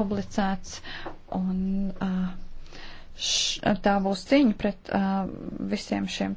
publicēts, un uh, š, tā būs cīņa pret uh, visiem šiem.